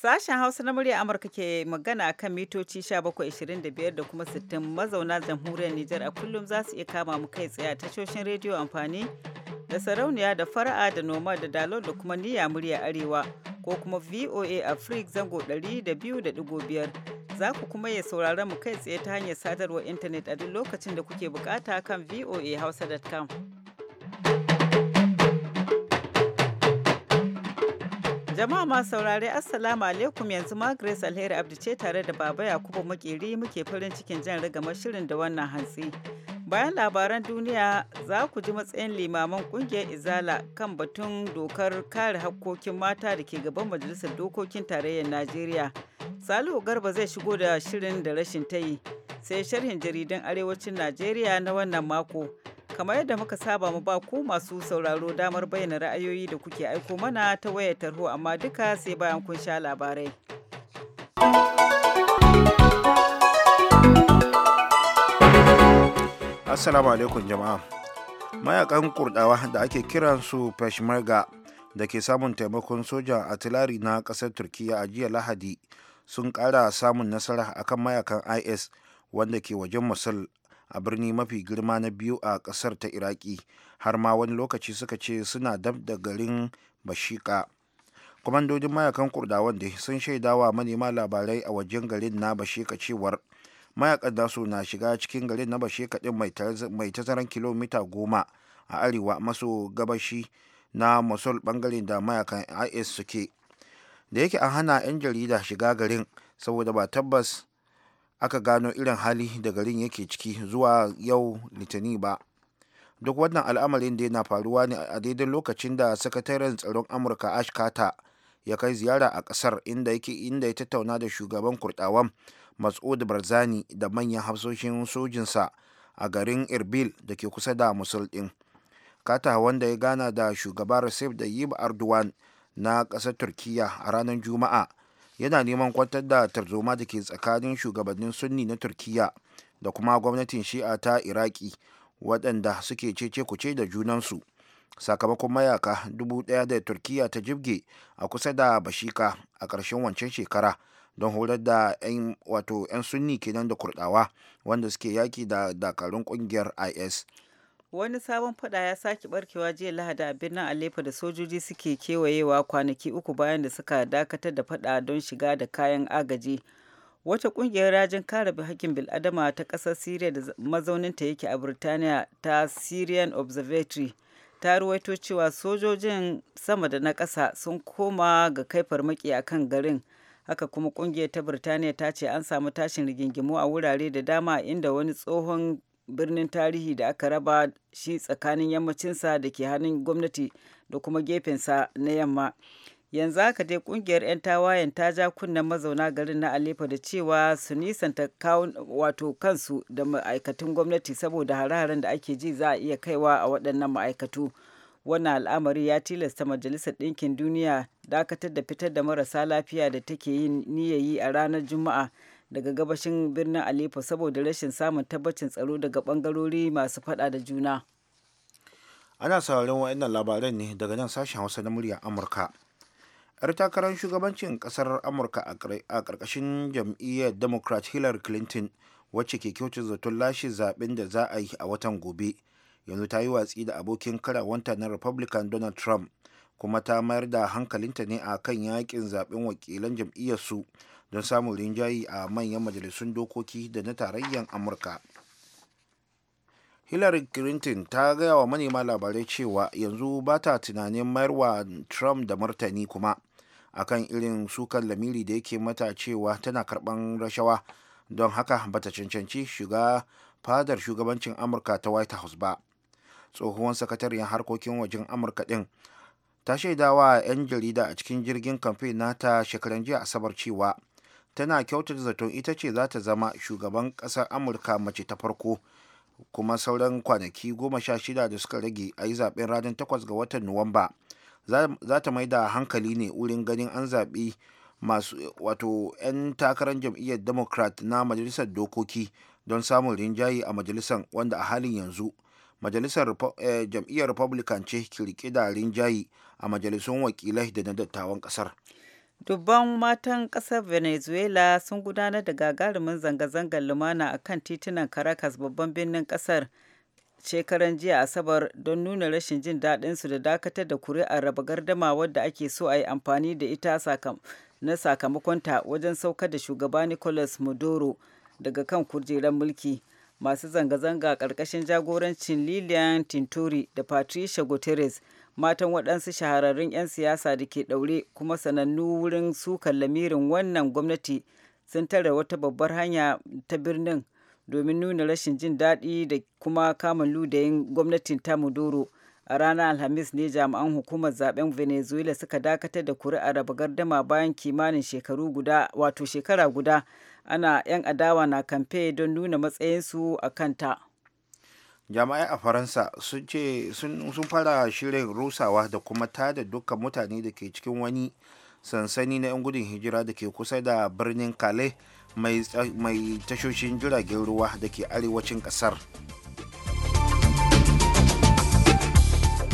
Sashen Hausa na murya Amurka ke magana a kan mitoci 1725 da kuma 60 mazauna jamhuriyar Nijar a kullum za su iya kama mu kai tsaye a tashoshin rediyo amfani da sarauniya da fara'a da noma da dalol da kuma niyya murya arewa ko kuma VOA Africa zango 200.5 Za ku kuma ya saurara mu kai tsaye ta hanyar sadarwar intanet a duk lokacin da kuke bukata kan voahausa.com. Jama'a ma saurare Assalamu alaikum yanzu ma Grace Alheri Abdi ce tare da Baba Yakubu Makeri muke farin cikin jan rigamar shirin da wannan hantsi. Bayan labaran duniya za ku ji matsayin limaman kungiyar Izala kan batun dokar kare hakkokin mata da ke gaban Majalisar Dokokin Tarayyar Najeriya. Salihu Garba zai shigo da shirin da rashin tayi sai sharhin jaridan Arewacin Najeriya na wannan mako. Kamar yadda muka saba mu ba ku masu sauraro damar bayyana ra'ayoyi da kuke aiko mana ta wayar tarho amma duka sai bayan kun sha labarai. assalamu alaikum jama'a mayakan kurdawa da ake kiran su peshmerga da ke samun taimakon sojan atilari na ƙasar turkiya a jiya lahadi sun ƙara samun nasara akan mayakan is wanda ke wajen musul a birni mafi girma na biyu a ƙasar ta iraki har ma wani lokaci suka ce suna dab da garin bashika kwamandojin mayakan kurdawan da sun shaidawa manema labarai a wajen garin na bashika cewar mayakan nasu na shiga cikin garin na bashe kaɗin mai tazaran kilomita goma a arewa maso gabashi na mosul bangaren da mayakan is suke da yake an hana 'yan jarida shiga garin saboda ba tabbas aka gano irin hali da garin yake ciki zuwa yau litinin ba duk wannan al'amarin da na faruwa ne a daidai lokacin da sakataren tsaron amurka ash carter ya kai ziyara a kasar inda inda ya tattauna da shugaban kurdawan mas'ud barzani da manyan hafsoshin sojinsa a garin irbil da ke kusa da musul ɗin kata wanda ya gana da shugaba da yib arduan na ƙasar turkiya a ranar juma'a yana neman kwantar da tarzoma da ke tsakanin shugabannin sunni na turkiya da kuma gwamnatin shi'a ta iraki waɗanda suke cece kuce da junansu sakamakon mayaka dubu ɗaya da turkiya ta jibge a kusa da bashika a ƙarshen wancan shekara don horar da 'yan wato 'yan sunni kenan da kurdawa wanda suke yaki da dakarun kungiyar is wani sabon fada ya sake barkewa jiya lahada a birnin aleppo da sojoji suke kewayewa kwanaki uku bayan da suka dakatar da fada don shiga da kayan agaji wata kungiyar rajin kare hakkin bil'adama ta kasar syria da mazauninta yake a birtaniya ta syrian observatory ta ruwaito cewa sojojin sama da na kasa sun koma ga kai farmaki akan garin haka kuma kungiyar ta birtaniya ta ce an samu tashin rigingimu a wurare da dama inda wani tsohon birnin tarihi da aka raba shi tsakanin yammacinsa da ke hannun gwamnati da kuma gefensa na yamma yanzu haka dai kungiyar 'yan tawayen ta ja kunnen mazauna garin na alefa da cewa su nisanta wato kansu da ma'aikatan gwamnati saboda hare-haren da ake ji za a iya kaiwa a waɗannan ma'aikatu. wannan al'amari ya tilasta majalisar ɗinkin duniya dakatar da fitar da marasa lafiya da take yin niyayi a ranar juma'a daga gabashin birnin aleppo saboda rashin samun tabbacin tsaro daga bangarori masu faɗa da juna ana sauraron wa'annan labaran ne daga nan sashen hausa na murya amurka yar takarar shugabancin kasar amurka a ƙarƙashin jam'iyyar democrat hillary clinton wacce ke kyautar zaton lashe zaben da za a yi a watan gobe yanzu ta yi watsi da abokin karawanta na republican donald trump kuma ta mayar da hankalinta ne a kan yakin zaben wakilan jam'iyyarsu don samun rinjayi a manyan majalisun dokoki da na tarayyar amurka hillary clinton ta gaya wa manema labarai cewa yanzu ba ta tunanin wa trump da martani kuma akan irin sukan lamiri da yake mata cewa tana karban rashawa don haka bata cancanci shiga fadar shugabancin amurka ta white house ba tsohuwan sakatariyar harkokin wajen amurka din ta shaidawa 'yan jarida a cikin jirgin kamfe nata shekaran jiya asabar cewa tana kyautata zaton ita ce za ta zama shugaban kasar amurka mace ta farko kuma sauran kwanaki goma sha shida da suka rage a yi zaɓen ranar takwas ga watan nuwamba za ta mai da hankali ne wurin ganin an zaɓi masu wato 'yan takarar jam'iyyar democrat na majalisar dokoki don samun rinjaye a majalisar wanda a halin yanzu majalisar eh, jam'iyyar republican ce kirki da a majalisun wakilai da na dattawan kasar dubban matan kasar venezuela sun gudanar da gagarumin zanga-zangar lumana a kan titunan caracas babban birnin kasar shekaran jiya asabar don nuna rashin jin daɗinsu da dakatar da kuri'ar raba gardama wadda ake so a yi amfani da ita na sakamakonta wajen saukar da shugaba nicolas maduro daga kan kujerar mulki masu zanga-zanga ƙarƙashin jagorancin lilian tinturi da patricia guterres matan waɗansu shahararrun 'yan siyasa da ke ɗaure kuma sanannu wurin sukan lamirin wannan gwamnati sun tare wata babbar hanya ta birnin domin nuna rashin jin daɗi da kuma kamun ludayin gwamnatin ta A ranar Alhamis ne jami'an hukumar zaben Venezuela suka dakatar da kuri'a raba gardama bayan kimanin shekaru guda wato shekara guda ana 'yan adawa na kamfe don nuna matsayinsu a kanta jama'ai a faransa sun ce sun fara shirin rusawa da kuma tada dukkan mutane da ke cikin wani sansani na 'yan gudun hijira da ke kusa da birnin kale mai tashoshin jiragen ruwa da ke arewacin kasar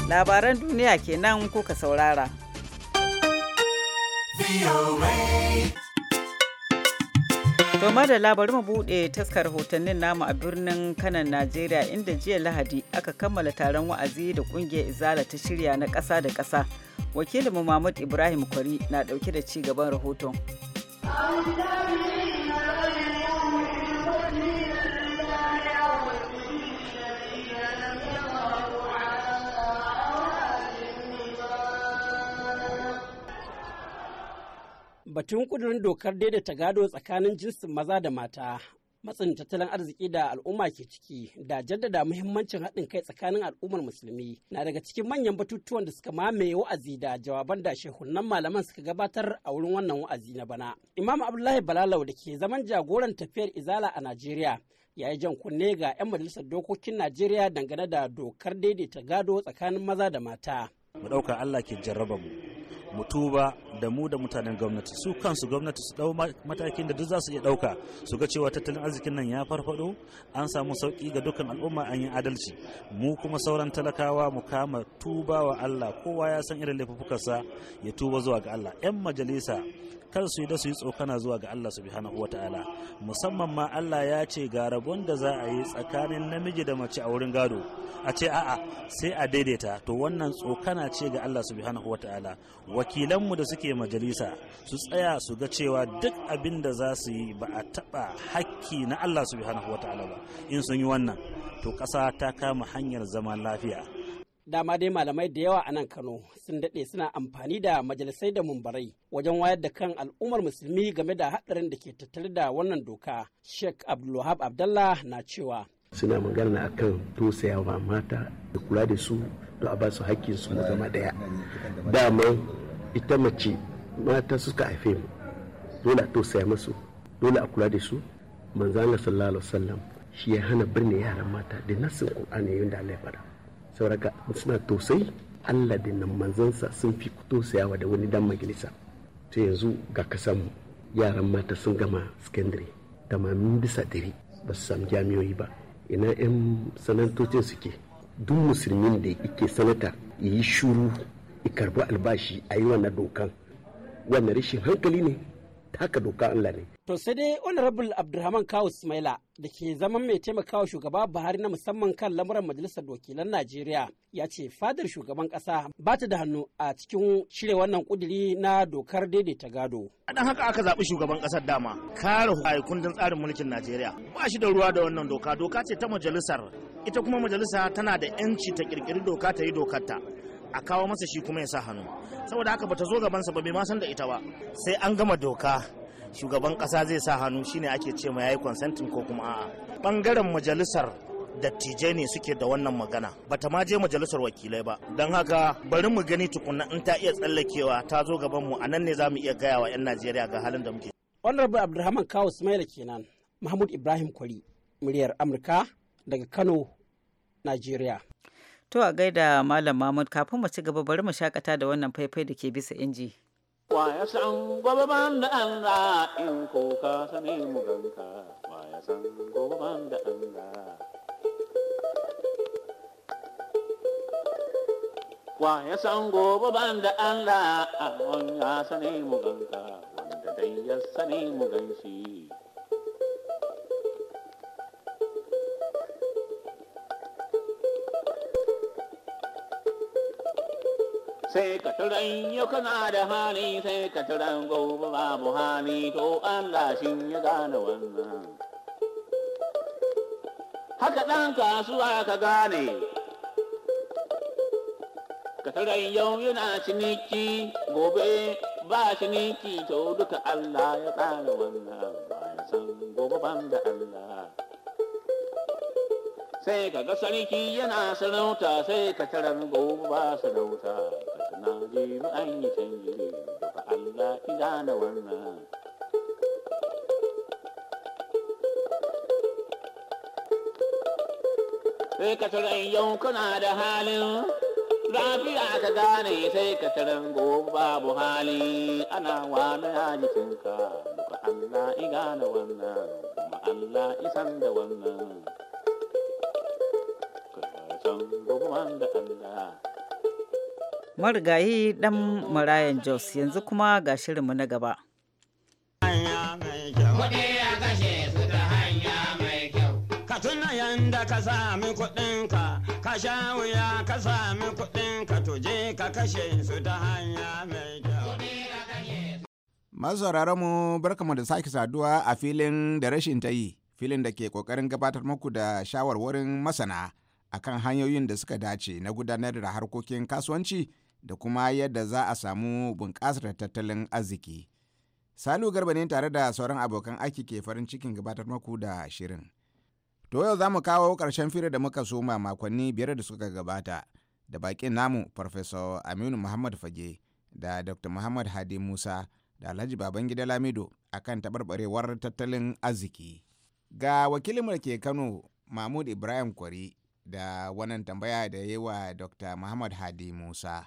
labaran duniya kenan kuka saurara. To madalla bari mu buɗe taskar rahotannin namu a birnin kanan Najeriya inda jiya Lahadi aka kammala taron wa'azi da kungiyar Izala ta shirya na ƙasa da ƙasa. Wakilinmu Mahmud Ibrahim Kwari na ɗauke da ci gaban rahoton. batun kudurin dokar daidaita gado tsakanin jinsin maza da mata matsin tattalin arziki da al'umma ke ciki da jaddada muhimmancin haɗin kai tsakanin al'ummar musulmi na daga cikin manyan batutuwan da suka mamaye wa'azi da jawaban da shehunan malaman suka gabatar a wurin wannan wa'azi na bana imam abdullahi balalau da ke zaman jagoran tafiyar izala a najeriya ya yi jan kunne ga 'yan majalisar dokokin najeriya dangane da dokar daidaita gado tsakanin maza da mata mu ɗauka allah ke jarraba mu mu da mu da mutanen gwamnati su kansu gwamnati su dau matakin da duk za su iya dauka su ga cewa tattalin arzikin nan ya farfado an samu sauki ga dukkan al'umma an yi adalci mu kuma sauran talakawa mu kama tubawa Allah kowa ya san irin laifukansa ya tuba zuwa ga Allah yan majalisa kar su yi da su yi tsokana zuwa ga Allah subhanahu wataala musamman ma Allah ya ce ga rabon da za a yi tsakanin namiji da mace a wurin gado a ce a'a sai a daidaita to wannan tsokana ce ga Allah subhanahu wataala wakilanmu da suke majalisa su tsaya su ga cewa duk abin da za su yi ba a taba hakki na Allah subhanahu wataala ba in sun yi wannan to ƙasa ta kama hanyar zaman lafiya dama dai malamai da yawa a nan kano sun daɗe suna amfani da majalisai da mumbarai wajen wayar da kan al'ummar musulmi game da haɗarin da ke tattare da wannan doka sheikh abdulwahab abdallah na cewa suna magana a akan tosayawa mata da kula da su da a ba su hakkin su zama daya dama ita mace mata suka haife mu dole a tosaya masu dole a kula da su manzo Allah sallallahu alaihi wasallam shi ya hana birne yaran mata da nasin Qur'ani yayin da Allah ya fara sauraka suna tosai allah da nan manzansa sun fi tosayawa da wani dan majalisa ta yanzu ga kasan yaran mata sun gama secondary tamamin bisa dari ba su samu jami'oyi ba ina 'yan sanantocin suke duk musulmin da yake sanata yi shuru karbi albashi a yi wannan dokan wannan rashin hankali ne taka doka Allah ne. To sai dai Honorable Abdulrahman Kawu Ismaila da ke zaman mai taimakawa shugaba Buhari na musamman kan lamuran Majalisar Wakilan Najeriya ya ce fadar shugaban kasa ba ta da hannu a cikin shirya wannan kuduri na dokar daidaita gado. A Dan haka aka zaɓi shugaban ƙasar dama kare kundin tsarin mulkin Najeriya ba shi da ruwa da wannan doka doka ce ta majalisar ita kuma majalisa tana da 'yanci ta ƙirƙiri doka ta yi dokarta a kawo masa shi kuma ya sa hannu saboda haka bata zo gabansa ba bai ma san da ita ba sai an gama doka shugaban kasa zai sa hannu shine ake ce ma yayi consenting ko kuma a'a bangaren majalisar dattijai ne suke da wannan magana bata ma je majalisar wakilai ba don haka bari mu gani tukunna in ta iya tsallakewa ta zo gaban mu anan ne za mu iya gaya wa 'yan najeriya ga halin da muke honorable abdulrahman kawo ismaila kenan mahmud ibrahim kwari muryar amurka daga kano najeriya To a gaida Malam Mahmud kafin mu ci gaba bari mu shakata da wannan faifai da ke bisa inji. Wa ya san gobe ban da Allah in ko ka sani mu ganka wa ya san gobe ban da Allah Wa ya san gobe ban da Allah a ya sani mu ganka wanda dai ya sani mu ganshi. sai ka turan yau kana da hali sai ka turan gobe babu hali to Allah shi ya gane wannan haka ɗan kasuwa ka gane ka turan yau yana ciniki gobe ba ciniki to duka Allah ya tsara wannan bayan san gobe ban da Allah sai ka ga sarki yana sarauta sai ka tarar gobe ba sarauta jiru an yi can da Allah ki gane wannan sai ka taran yau da halin lafiya ka gane sai ka taran gobe babu hali ana wani hajjikinka duka Allah i gane wannan kuma Allah isan da wannan ka san gobe da Allah marigayi dan marayan jos yanzu kuma ga shirinmu na gaba tuna yanda ka sami kuɗinka ka sha ka kashe su ta hanya mai kyau mu da sake saduwa a filin da rashin ta yi filin da ke kokarin gabatar muku da shawarwarin masana akan hanyoyin da suka dace na gudanar da harkokin kasuwanci da kuma yadda za a samu bunƙasar tattalin arziki. Salu Garba ne tare da sauran abokan aiki ke farin cikin gabatar maku da shirin. To yau za mu kawo ƙarshen fira da muka soma makonni biyar da suka gabata da baƙin namu Farfesa Aminu Muhammad Fage da Dr. Muhammad Hadi Musa da Alhaji Babangida Lamido kan taɓarɓarewar tattalin arziki. Ga wakilin ke Kano Mahmud Ibrahim Kwari da wannan tambaya da yi wa Dr. Muhammad Hadi Musa.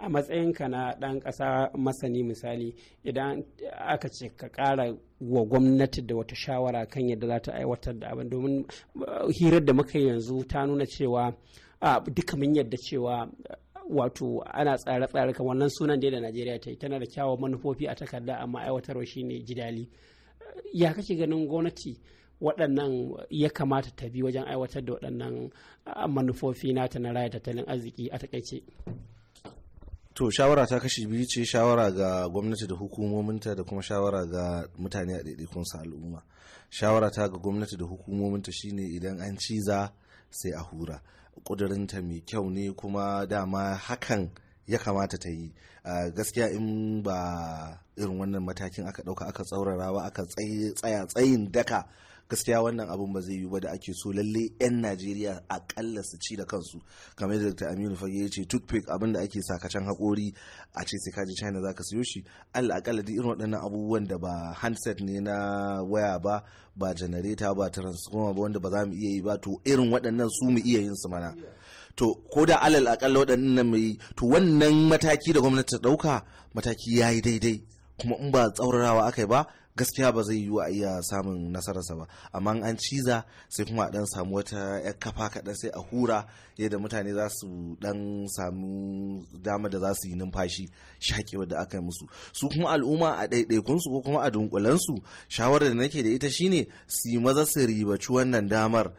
a matsayinka na ɗan ƙasa masani misali idan aka ce ka ƙara wa gwamnati da wata shawara kan yadda za ta aiwatar da abin domin uh, hirar da muka yanzu ta nuna cewa duka mun yadda cewa uh, wato ana tsare-tsare kan wannan sunan da najeriya ta yi tana da kyawun manufofi a takarda amma aiwatarwa shine jidali ya kake ganin gwamnati waɗannan ya kamata ta bi wajen aiwatar da waɗannan uh, manufofi nata na raya tattalin arziki a takaice to shawara ta kashi biyu ce shawara ga gwamnati da hukumominta da kuma shawara ga mutane a ɗaiɗaikun al'umma shawara ta ga gwamnati da hukumominta shine idan an ciza sai a hura ƙudurinta mai kyau ne kuma dama hakan ya kamata ta yi gaskiya in ba irin wannan matakin aka ɗauka aka tsaurara ba aka tsaya tsayin daka gaskiya wannan abun ba zai yi ba da ake so lalle 'yan najeriya akalla su ci da kansu kamar yadda dr aminu fage ya ce toothpick abin da ake sakacen haƙori a ce sai kaji china za ka siyo shi allah akalla duk irin waɗannan abubuwan da ba handset ne na waya ba ba janareta ba transformer ba wanda ba za mu iya yi ba to irin waɗannan su mu iya yin su mana. to ko da alal akalla waɗannan mai to wannan mataki da gwamnati ta ɗauka mataki ya yi daidai kuma in ba tsaurarawa aka yi ba gaskiya ba zai yiwu a iya samun nasararsa ba amma an ciza sai kuma a dan samu wata yar kafa kaɗan sai a hura yadda mutane za su dan samu dama da za su yi numfashi shaƙewar da aka yi musu su kuma al'umma a ɗaiɗaikunsu ko kuma a dunkulensu shawarar da nake da ita shine su yi maza su ribaci wannan damar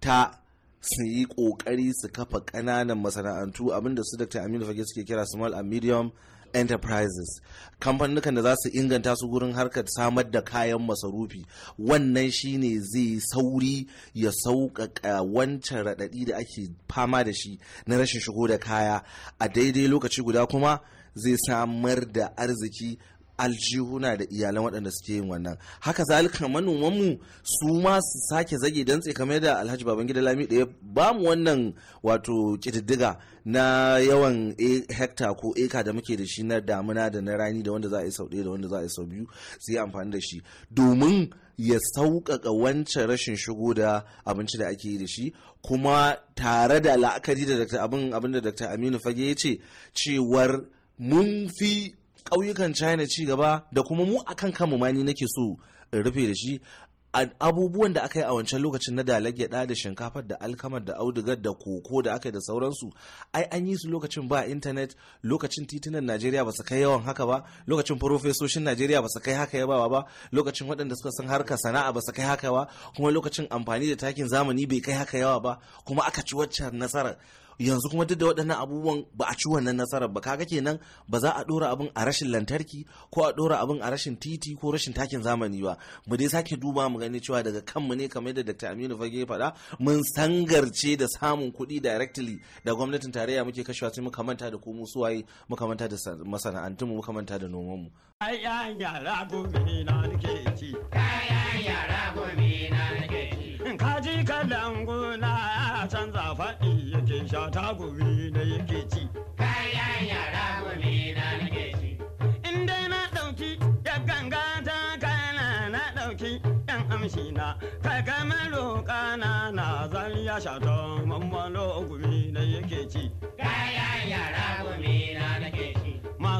ta su yi kokari su kafa ƙananan masana'antu abinda su dr aminu fage suke kira small and medium enterprises kamfanin da za su inganta su gurin harkar samar da kayan masarufi wannan shine zai sauri ya sauƙaƙa wancan raɗaɗi da ake fama da shi na rashin shigo da kaya a daidai lokaci guda kuma zai samar da arziki aljihuna da iyalan waɗanda suke yin wannan haka zalika manomanmu su ma su sake zage dantse kamar da alhaji babangida lami ɗaya ba mu wannan wato ƙididdiga na yawan e, hekta ko eka da muke da shi na damuna da na rani da wanda za a yi sau ɗaya da wanda za a yi sau biyu su yi amfani da shi domin ya sauƙaƙa wancan rashin shigo da abinci da ake yi da shi kuma tare da la'akari da abin da dr aminu fage ya ce cewar mun fi ƙauyukan china ci gaba da kuma mu akan kanmu ma ni nake so in rufe da shi abubuwan da aka yi a wancan lokacin na dalar gyada da shinkafar da alkamar da audugar da koko da aka yi da sauransu ai an yi su lokacin ba intanet lokacin titunan najeriya ba su kai yawan haka ba lokacin farofesoshin najeriya ba su kai haka yabawa ba lokacin waɗanda suka san harkar sana'a ba su kai haka ba kuma lokacin amfani da takin zamani bai kai haka yawa ba kuma aka ci waccan nasarar yanzu kuma duk da waɗannan abubuwan ba a ci wannan nasarar ba kaga kenan ba za a ɗora abin a rashin lantarki ko a ɗora abin a rashin titi ko rashin takin zamani ba mu dai sake duba mu gani cewa daga kanmu ne kamar yadda Dr. Aminu Fage faɗa mun sangarce da samun kuɗi directly da gwamnatin tarayya muke kashewa sai muka manta da komo suwaye muka manta da masana'antun mu muka manta da noman mu. ya yara gobe na nake ci. ya yara gobe. ta gumi na yake ci. Kayan yara gumi na nake ci. In dai na ɗauki ya ganga ta kana na ɗauki yan amshi na kaga maro kana na zan ya shata mammalo gumi na yake ci. Kayan yara gumi na nake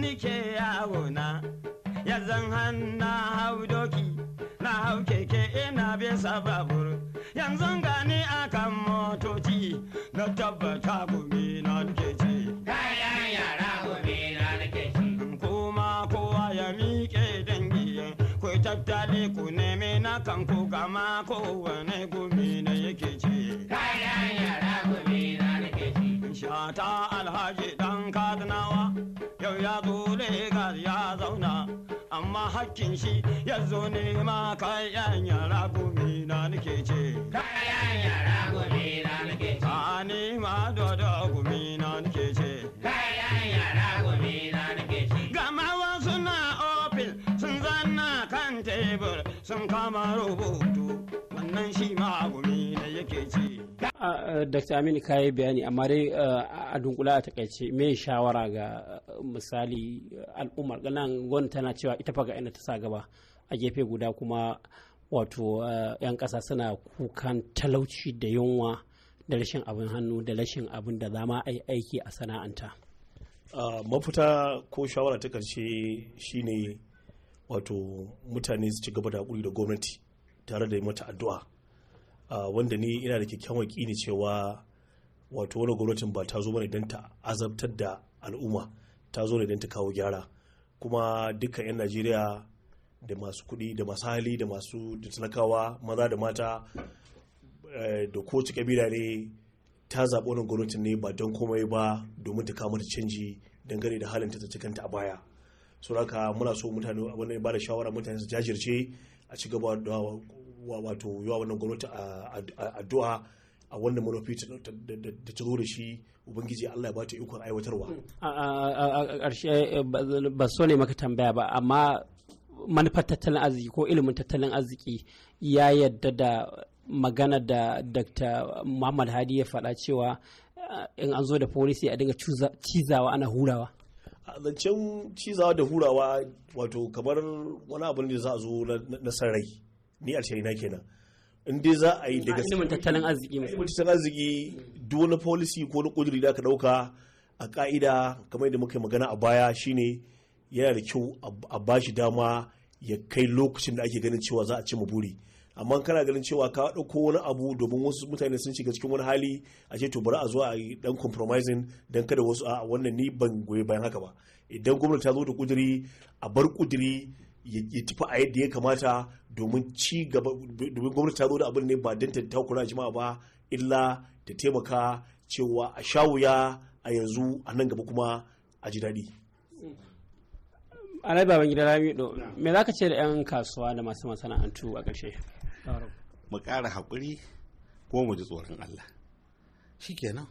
nike yawona, na yanzan hanna hau doki na hau keke ina bisa babur yanzu gani akan motoci na tabbata gumi na nike kuma kowa ya miƙe dangi ku tattale ku neme na kanku gama kowane gumi na yake ci shata alhaji dan kadnawa yau ya zo Legas ya zauna amma hakkin shi ya zo nema kayan yara gumi na nake ce. Kayan yara gumi na nake ce. A ni ma dodo gumi na nake ce. Kayan yara gumi na nake ce. Gamawa suna opil sun zanna kan tebur sun kama rubutu. nan shi ma gumi da yake ci. Dr. Aminu ka yi bayani amma dai a dunkula a takaice me shawara ga misali al'ummar ganan gwamnati tana cewa ita fa ga ina ta sa gaba a gefe guda kuma wato 'yan ƙasa suna kukan talauci da yunwa da rashin abin hannu da rashin abin da zama a yi aiki a sana'anta. mafita ko shawara ta karshe shine wato mutane su ci gaba da hakuri da gwamnati tare da mata addu'a wanda ni ina da kyakkyawan ne cewa wato wani gwamnatin ba ta zo bane don ta azabtar da al'umma ta zo ne don ta kawo gyara kuma dukkan 'yan najeriya da masu kuɗi da masu hali da masu talakawa maza da mata eh, da kowace kabila ne ta zaɓi wani gwamnatin ne ba don komai ba domin ta kawo mata canji dangane da halin ta ta kanta a baya so haka muna so mutane abin ba da shawara mutane su jajirce a cigaba gaba da wato yawa wannan gwamnati a addu'a a wannan manufi da ta zo da shi ubangiji Allah ya ba ta ikon aiwatarwa hmm. a ƙarshe eh, ba so ne maka tambaya ba amma manufar tattalin arziki ko ilimin tattalin arziki ya yadda da magana da dr muhammad hadi ya faɗa cewa eh, in an zo da polisi a dinga cizawa ana hurawa zancen cizawa da hurawa wato kamar wani abin da za a zo na sarai ni alsharina kenan in dai za a yi daga ilimin tattalin arziki ilimin tattalin arziki duk wani policy ko wani kuduri da aka dauka a ka'ida kamar yadda muka magana a baya shine yana da kyau a ba shi dama ya kai lokacin da ake ganin cewa za a cimma buri amma kana ganin cewa ka ɗauko wani abu domin wasu mutane sun shiga cikin wani hali a ce to bari a zo a yi dan compromising dan kada wasu a wannan ni ban goyi bayan haka ba idan gwamnati ta zo da kuduri a bar kuduri ya tafi a yadda ya kamata domin ci gaba domin gwamnati ta zo da abin ne ba don ta takura jama'a ba illa ta taimaka cewa a shawuya a yanzu a nan gaba kuma a ji daɗi. alai baban gida Ɗo, me za ka ce da 'yan kasuwa da masu masana'antu a ƙarshe mu ƙara haƙuri ko mu ji tsoron allah shi kenan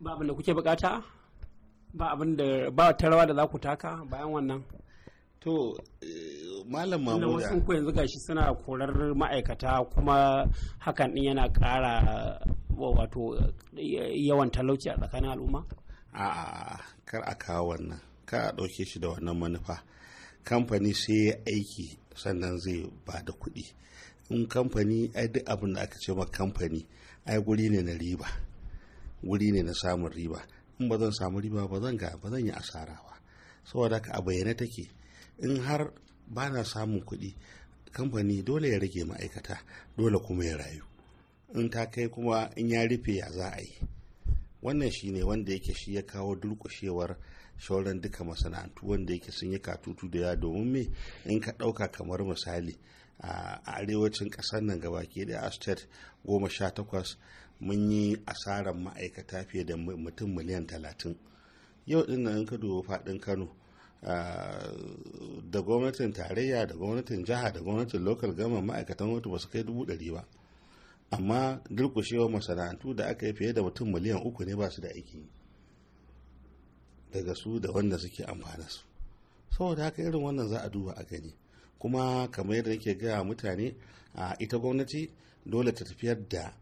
ba abin da kuke bukata ba abin da ba ta rawa da za ku taka bayan wannan to eh, malam mamuda wasu ku yanzu gashi suna korar ma'aikata kuma hakan din yana kara wato yawan talauci a tsakanin al'umma a kar a kawo wannan kar a ɗauke shi da wannan manufa kamfani sai ya aiki sannan zai ba da kuɗi in kamfani ai duk abin da aka ce ma kamfani ai guri ne na riba guri ne na samun riba in ba zan samu riba ba zan ga ba zan yi asara ba saboda ka a bayyane take in har ba na samun kuɗi kamfani dole ya rage ma'aikata dole kuma ya rayu in ta kai kuma in ya rufe ya za a yi wannan shi ne wanda yake shi ya kawo durƙushewar shauran duka masana'antu wanda yake sun yi katutu da yawa domin me in ka ɗauka kamar misali a arewacin ƙasar nan gabaki da state goma sha takwas mun yi asarar ma'aikata fiye da mutum miliyan talatin yau ɗin nan ka dubi faɗin kano da gwamnatin tarayya da gwamnatin jiha da gwamnatin lokal gama ma'aikatan wata ba su kai dubu ɗari ba amma durkushewar masana'antu da aka yi fiye da mutum miliyan uku ne ba su da aiki daga su da wanda suke amfana su saboda haka irin wannan za a duba a gani kuma kamar yadda nake gaya mutane a ita gwamnati dole ta tafiyar da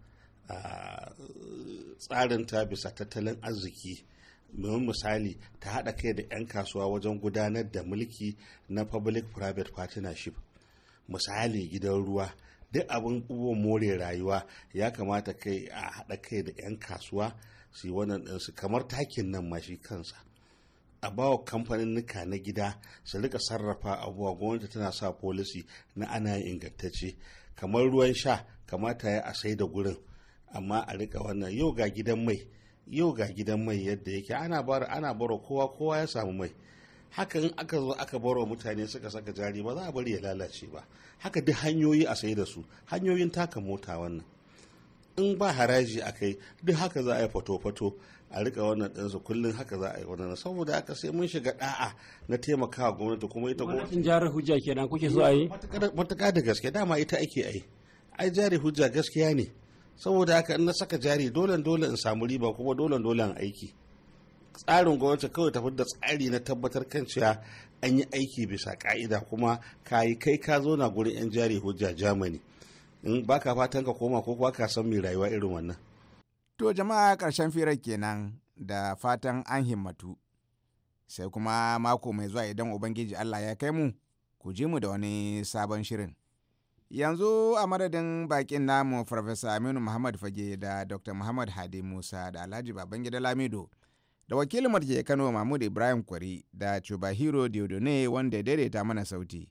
tsarin ta bisa tattalin arziki domin misali ta haɗa kai da 'yan kasuwa wajen gudanar da mulki na public private partnership misali gidan ruwa duk abin abubuwan more rayuwa ya kamata kai a haɗa kai da 'yan kasuwa su yi wannan ɗinsu kamar takin nan ma shi kansa a bawa kamfanin nuka na gida su rika sarrafa abubuwa gwamnati tana sa folisi na ana ingantacce kamar ruwan sha kamata ya a sai da gurin amma a rika wannan yau ga gidan mai yau ga gidan mai yadda yake ana bar ana baro kowa kowa ya samu mai haka in aka zo aka baro mutane suka saka jari ba za a bari ya lalace ba haka duk hanyoyi a sai da su hanyoyin taka mota wannan in ba haraji a kai duk haka za a yi fato-fato a rika wannan ɗansu kullum haka za a yi wannan saboda haka sai mun shiga da'a na taimakawa gwamnati kuma ita ko gwamnatin jihar hujja kenan kuke so a yi matuƙa da gaske dama ita ake ai ai jari hujja gaskiya ne saboda haka in na saka jari dole dole in samu riba kuma dole dole in aiki tsarin gwamnati kawai tafi da tsari na tabbatar kan cewa an yi aiki bisa ka'ida kuma ka yi kai ka zo na gurin 'yan jari hujja germany in baka fatan ka koma ko kuwa ka san mai rayuwa irin wannan to jama'a karshen firar kenan da fatan an himmatu sai kuma mako mai zuwa idan ubangiji allah ya kai mu ku ji mu da wani sabon shirin yanzu a madadin bakin namu farfesa aminu muhammad fage da dr muhammad hadi musa da alhaji babangida lamido da wakilin Marje kano mahmud ibrahim kwari da chubahiro diodone wanda ya daidaita mana sauti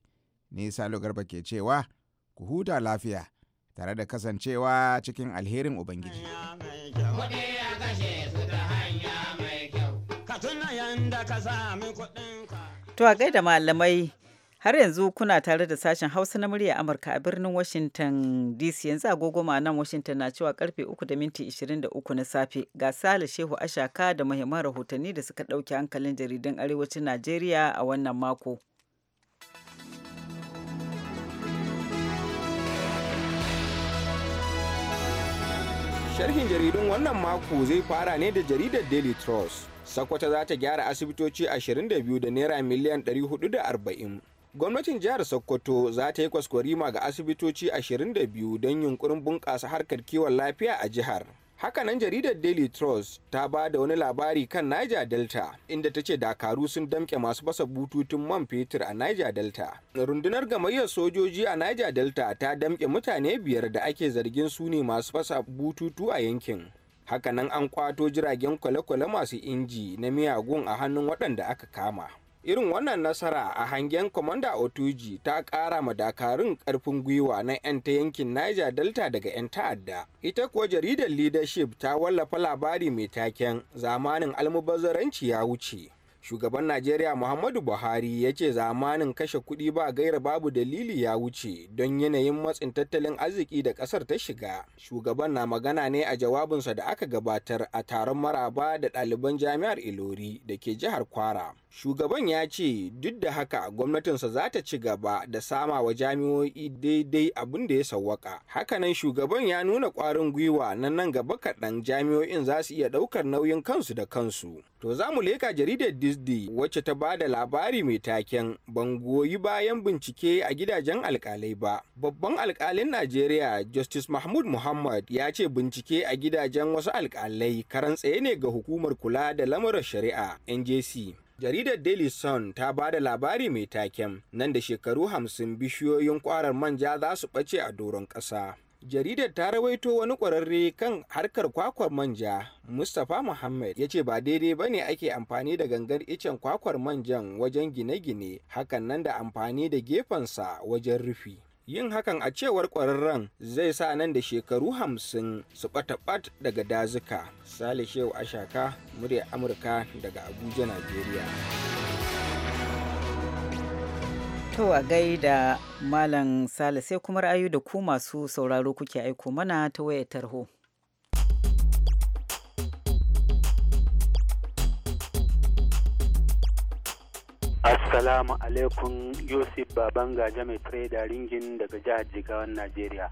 ni salo garba ke cewa ku huta lafiya tare da kasancewa cikin alherin ubangiji To a gaida malamai Har yanzu kuna tare da sashen Hausa na murya Amurka a birnin Washington DC yanzu agogo nan Washington na cewa karfe 3.23 na safe ga Sale Shehu Ashaka da muhimman rahotanni da suka ɗauki hankalin jaridun Arewacin Najeriya a wannan mako. Sharhin jaridun wannan mako zai fara ne da jaridar Daily Trust. Sakwata za ta gyara asibitoci 22 da Naira miliyan 440. Gwamnatin jihar Sokoto za ta yi kwaskwarima ga asibitoci 22 don yunkurin bunƙasa harkar kiwon lafiya a jihar. Hakanan jaridar Daily Trust ta ba da wani labari kan Niger Delta inda ta ce dakaru sun damke masu basa bututun man fetur a Niger Delta. Rundunar gamayyar sojoji a Niger Delta ta damke mutane biyar da ake zargin su ne masu fasa bututu a yankin. Hakanan an kwato jiragen kwale-kwale masu inji na miyagun a hannun waɗanda aka kama. irin wannan nasara a hangen commander otuji ta kara ma dakarun karfin gwiwa na 'yan ta yankin niger delta daga 'yan ta'adda ita kuwa jaridar leadership ta wallafa labari mai taken zamanin almubazzaranci ya wuce shugaban najeriya muhammadu buhari ya ce zamanin kashe kuɗi ba gaira babu dalili ya wuce don yanayin matsin tattalin arziki da ƙasar ta shiga shugaban na magana ne a jawabinsa da aka gabatar a taron maraba da ɗaliban jami'ar ilori da ke jihar kwara shugaban ya ce duk da haka gwamnatinsa za ta ci gaba da sama wa jami'o'i daidai abin da ya sawwaka hakanan shugaban ya nuna ƙwarin gwiwa na nan gaba kaɗan jami'o'in za su iya ɗaukar nauyin kansu da kansu to za mu leka jaridar Disney wacce ta ba da labari mai taken ban goyi bayan bincike a gidajen alkalai ba. Babban alkalin Najeriya Justice Mahmud Muhammad ya ce bincike a gidajen wasu alkalai karan tsaye ne ga hukumar kula da lamuran shari'a NJC. jaridar daily sun ta ba da labari mai taken nan da shekaru hamsin bishiyoyin kwarar manja za su ɓace a doron ƙasa jaridar ta rawaito wani ƙwararre kan harkar kwakwar manja mustapha muhammad ya ce ba daidai ba ne ake amfani da gangar icen kwakwar manjan wajen gine-gine hakan nan da amfani da gefensa wajen rufi yin hakan a cewar ƙwararren zai sa nan da shekaru hamsin su ɓata-ɓat daga dazuka sale shehu ashaka murya amurka daga abuja najeriya To a gaida Malam Sale sai kuma ra'ayu da ku masu sauraro kuke aiko mana ta waya tarho. Assalamu alaikum Yusuf Baban Gaja mai Trader Ringin daga jihar Jigawan Najeriya.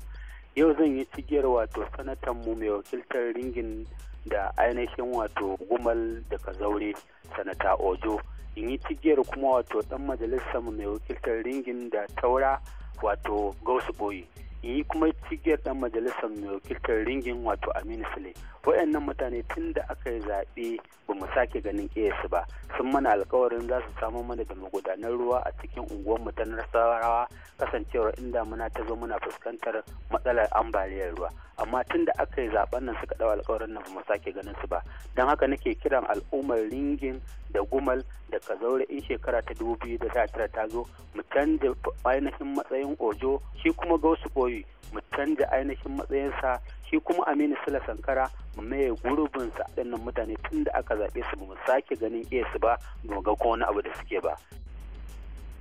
Yau zan yi cigiyar wato sanatanmu mai wakiltar ringin da ainihin wato gumal daga zaure sanata Ojo. in yi cigiyar kuma wato dan majalisar mai wakiltar ringin da taura wato gausu boyi in yi kuma cigiyar dan majalisar mai wakiltar ringin wato aminu sule waɗannan mutane tun da aka yi zaɓe ba mu sake ganin su ba sun mana alkawarin za su samu mana da magudanar ruwa a cikin unguwar mu ta nasarawa kasancewar inda muna ta zo muna fuskantar matsalar ambaliyar ruwa amma tun da aka yi zaben nan suka dawo alkawarin nan mu sake ganin su ba don haka nake kiran al'ummar ringin da gumal da kazaure in shekara ta dubu biyu da tara ta zo mu canza ainihin matsayin ojo shi kuma gausu koyi mu canza ainihin matsayinsa shi kuma aminu sula sankara mu maye gurbin sa mutane tun da aka zaɓe su ba mu sake ganin iya su ba mu ga ko wani abu da suke ba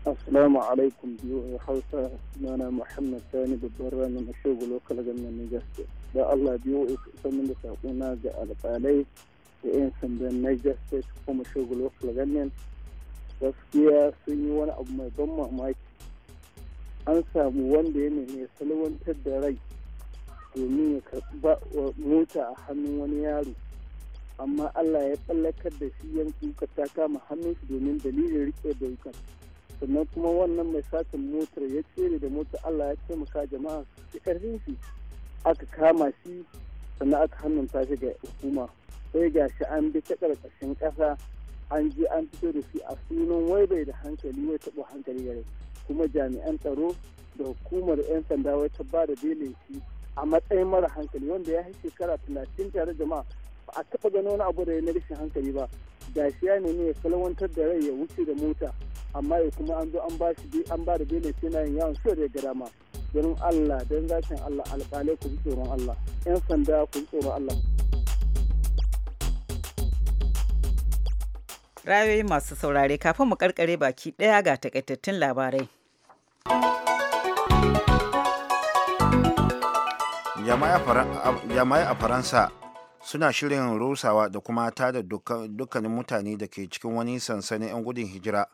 Assalamu alaikum biyu Hausa sunana Muhammad Sani babban rana na shogo lokal gannan State. Da Allah biyu isa min da sakona ga alƙalai da 'yan sandan Niger State kuma shogo lokal gannan. Gaskiya sun yi wani abu mai ban mamaki. An samu wanda ya nemi salwantar da rai domin ya karɓi mota a hannun wani yaro. Amma Allah ya tsallakar da shi yankin ta kama hannun shi domin dalilin riƙe da sannan kuma wannan mai satin motar ya tsere da motar allah ya taimaka jama'a su karfin shi aka kama shi sannan aka ta shi ga hukuma sai ga shi an bi ta karkashin kasa an ji an fito da shi a sunan wai bai da hankali wai taɓo hankali gare kuma jami'an tsaro da hukumar 'yan sanda wai ta ba da belin shi a matsayin mara hankali wanda ya yi shekara talatin tare jama'a ba a taɓa ganin wani abu da ya na hankali ba da shi ya nemi ya salawantar da rai ya wuce da mota amma ya kuma an zo an ba shi an ba da bene sai na yawon so da gada ma don Allah don zakin Allah alƙalai ku ji tsoron Allah 'yan sanda ku ji tsoron Allah. rayoyi masu saurare kafin mu karkare baki ɗaya ga takaitattun labarai. Jama'a a Faransa suna shirin rusawa da kuma da dukkanin mutane da ke cikin wani sansanin 'yan gudun hijira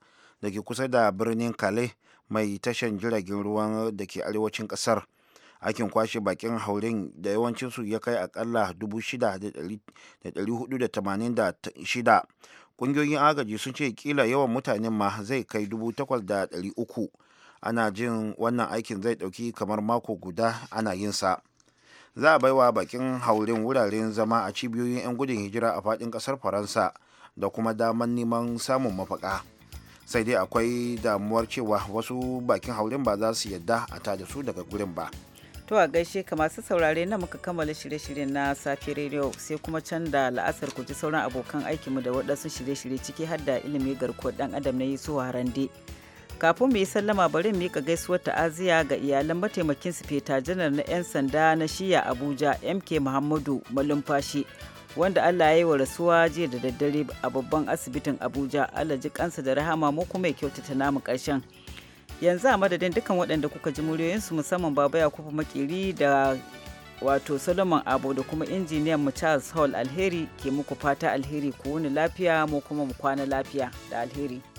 da ke kusa da birnin kale mai tashan jiragen ruwan da ke arewacin kasar aikin kwashe bakin haurin da yawancinsu ya kai akalla 6,486 ƙungiyoyin agaji sun ce kila yawan mutanen ma zai kai 8,300 ana jin wannan aikin zai ɗauki kamar mako guda ana yinsa. za a baiwa bakin haurin wuraren zama a cibiyoyin 'yan gudun hijira a fadin kasar faransa da kuma damar neman samun mafaka sai dai akwai damuwar cewa wasu bakin haurin ba za su yadda a tada su daga gurin ba to a gaishe ka masu saurare na muka kammala shirye shirye na safe rediyo sai kuma can da la'asar ku ji sauran abokan aikinmu da waɗansu shirye-shirye ciki har da ilimi garkuwar ɗan adam na yi su harande kafin mu yi sallama bari mu mika gaisuwar ta'aziya ga iyalan mataimakin sufeta janar na 'yan sanda na shiya abuja mk muhammadu malumfashi wanda allah ya yi wa rasuwa jiya da daddare a babban asibitin abuja allah ji kansa da rahama mu kuma ya kyautata namu karshen yanzu a madadin dukkan waɗanda kuka ji muryoyinsu musamman baba yakubu makiri da wato solomon abu da kuma injiniyan mu charles hall alheri ke muku fata alheri ku wuni lafiya mu kuma mu kwana lafiya da alheri